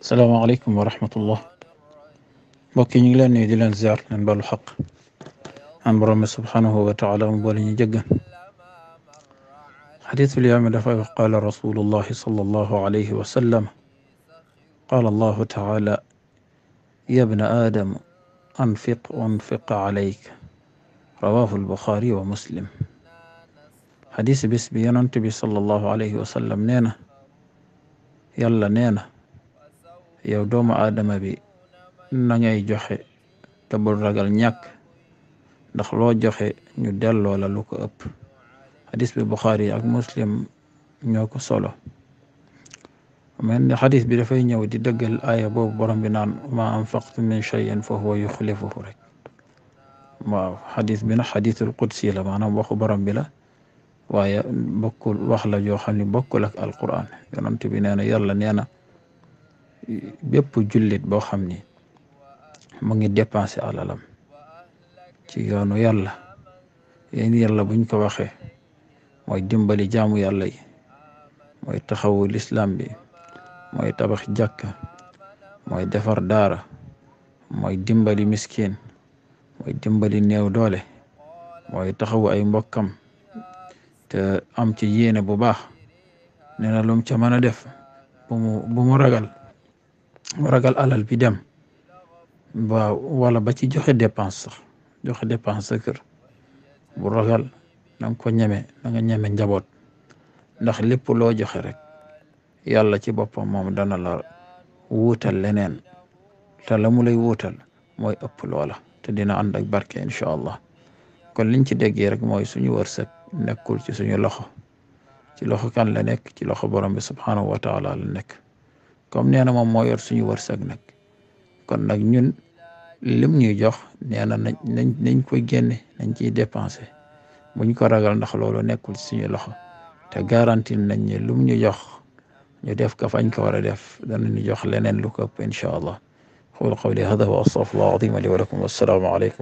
السلام عليكم ورحمة الله بوكين لان يدلان زيارت من بالحق عن برمي سبحانه وتعالى مبالي جدا حديث اليوم قال رسول الله صلى الله عليه وسلم قال الله تعالى يا ابن آدم أنفق أنفق عليك رواه البخاري ومسلم حديث بس بينا صلى الله عليه وسلم نينا يلا نينا yow doomu aadama bi na ngay joxe te bul ragal ñàkk ndax loo joxe ñu delloo la lu ko ëpp xadis bi Buxaari ak muslim ñoo ko solo mel ni xadis bi dafay ñëw di dëggal aaya boobu borom bi naan ma anfaqtum min shay'in fa huwa yuxlifuhu rek waaw xadis bi nag xadisul qudsi la maanaam waxu borom bi la waaye bokkul wax la joo xam ne bokkul ak alquran yonent bi nee na yàlla nee na bépp jullit boo xam ni mu ngi dépensé alalam ci yoonu yàlla yéen yàlla buñ ko waxee mooy dimbali jaamu yàlla mooy taxawu lislam bi mooy tabax jàkk mooy defar daara mooy dimbali miskin mooy dimbali néew doole mooy taxawu ay mbokkam te am ci yéene bu baax nee na lum ca a def bu mu ragal ragal alal bi dem ba wala ba ci joxe dépense sax joxe dépense sa kër bu ragal na nga ko ñeme na nga ñeme njaboot ndax lépp loo joxe rek yàlla ci boppam moom dana la wuutal leneen te la mu lay wuutal mooy ëpp loola te dina ànd ak barke incha allah kon liñ ci déggee rek mooy suñu wërsëg nekkul ci suñu loxo ci loxo kan la nekk ci loxo borom bi subhanahu wa taala la nekk comme nee na moom moo yor suñu wërsëg nag kon nag ñun lim ñuy jox nee na nañ nañ nañ koy génne nañ ciy dépensé buñ ko ragal ndax loolu nekkul suñu loxo te garanti nañ ne lum ñu jox ñu def ko fañ ko war a def danañu jox leneen lu ko ëpp incha allah aqulu qawli hada wa astaghfirullaah al-aziim li wa lakum wassalaamu aleykum